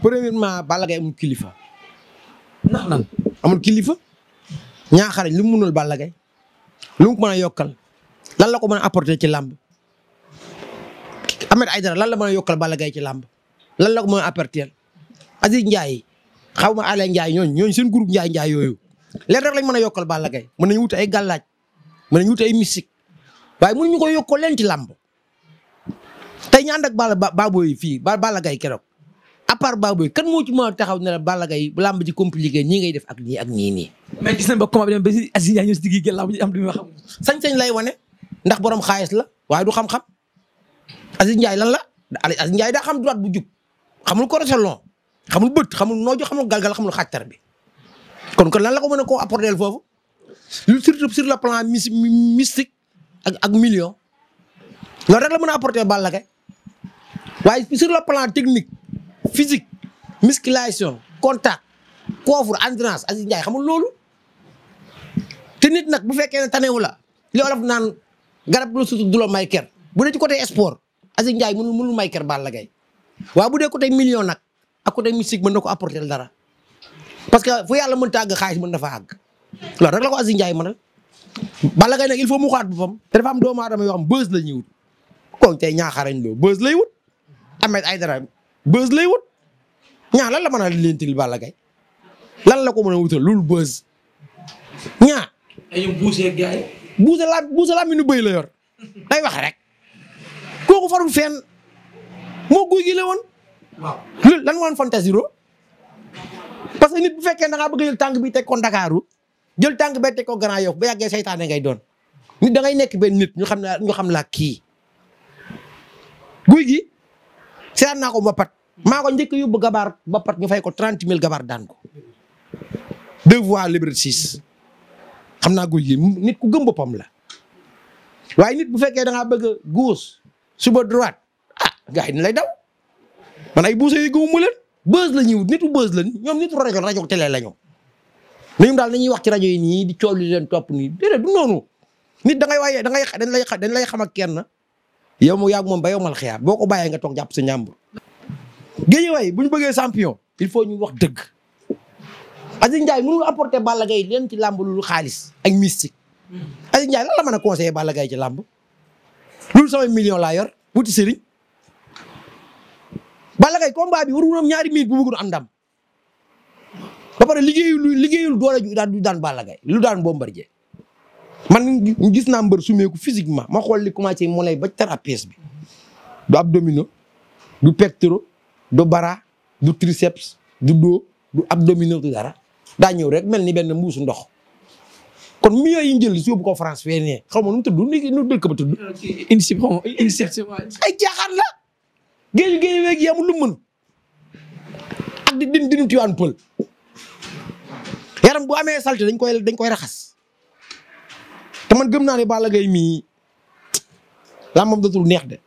premièrement Balla Gaye amul kilifa ndax lan amul kilifa ñaaxarañ lu mu mënul Balla Gaye lu mu yokkal lan la ko mën a apporter ci làmb Ahmed Aïdara lan la mën a yokkal Balla Gaye ci làmb lan la ko mën a apporter Aziz Ndiaye xaw ma Alain Ndiaye ñooñu ñooñu seen groupe Ndiaye Ndiaye yooyu leen rek lañ mën a yokkal Balla Gaye mën nañu wut ay gàllaaj mën nañu wut ay mystique waaye mënuñu ko yokkoo leen ci làmb te ñu ànd ak fii Balla Gaye à part Baboy moo ci mën a taxaw ne la Balla Gaye làmb ji compliqué ñii ngay def ak ñii ak ñii nii. mais gis nañ ba si Aziz Ndiaye sañ-sañ lay wane ndax borom xaalis la waaye du xam-xam Aziz Ndiaye lan la Aziz Ndiaye daa xam droit bu jub xamul correction xamul bët xamul nooju xamul galgal xamul xàjtar bi kon kon lan la ko mën a koo apporter foofu lu surtout sur le plan mystique ak ak million loolu rek la mën a apporter Balla technique. physique musculation contact coffre endurance Aziz Ndiaye xamul loolu te nit nag bu fekkee ne tanewu la li olof naan garab la sutu du la may bu dee ci côté sport Aziz Ndiaye mënul mënul may ker Balla Gaye waaw bu dee côté million nag ak côté musique mën na ko apporter dara parce que fu yàlla mënta àgg xaalis mën na fa àgg loolu rek la ko Aziz Ndiaye mënal Balla Gaye nag il faut mu bu boppam te dafa am doomu aadama yoo xam bës la ñuy wut kon tey ñaaxarañ loo bës bës lay wut ñaa la mën a lentil Balla Gaye lan la ko mën a wutal loolu bës ñaa. dañoo buusee la buuse la mi la yor day rek kooku farul fenn moo guy gi la woon. waaw loolu lan woon fantasiro que nit bu fekkee da ngaa bëgg a jël tànk bi teg ko Ndakaaru jël tànk bee teg ko Grand Yoff ba ngay doon nit da ngay nekk benn nit ñu xam ne ñu xam laa kii guy gi. seetaan naa ko mbapat maa ko njëkk yóbbu gabaar mbapat ñu fay ko trente mille gabaar daan ko deux fois Liberté 6 xam naa guy gi nit ku gëm boppam la waaye nit bu fekkee da ngaa bëgg a suba droite ah gars yi ni lay daw man ay buuse yi gëmuma leen buzz la ñuy wut nitu buzz la ñoom nitu rajo rajo télé la ñu. ñoom daal dañuy wax ci rajo yi nii di coow li leen topp nii déedéet du noonu nit da ngay waaye da ngay dañ lay dañ lay xam ak kenn. yow mu yàgg moom ba yow mal boo ko bàyyee nga toog jàpp sa njàmbur. Guédiawaye bu ñu bëggee champion il faut ñu wax dëgg Aziz Ndiaye mënul apporter Balla Gaye ci làmb lu xaalis ak mystique Aziz Ndiaye lan la mën ci làmb loolu sama million yor wuti sëriñ Balla Gaye combat ñaari minutes bu bëgg am ndam ba pare liggéeyul liggéeyul daan du daan lu daan man gis naa mbër sumeeku physiquement ma xool li commencé mu lay ba trapèze bi du abdomino du pectoro du bara du triceps du dos du abdomino du dara daa ñëw rek mel ni benn mbuusu ndox kon millions yi si yóbbu ko France fee nee xaw ma nu mu tudd nu dëkk ba tudd. INSEP xaw ma INSEP ay jaaxaan la. géej géej weeg yi amul lu mën ak di din dinu tuwaan pël yaram bu amee salte dañ ko dañ koy raxas. te man gëm naa ne Balla Gaye mii làmbam dootul neex de.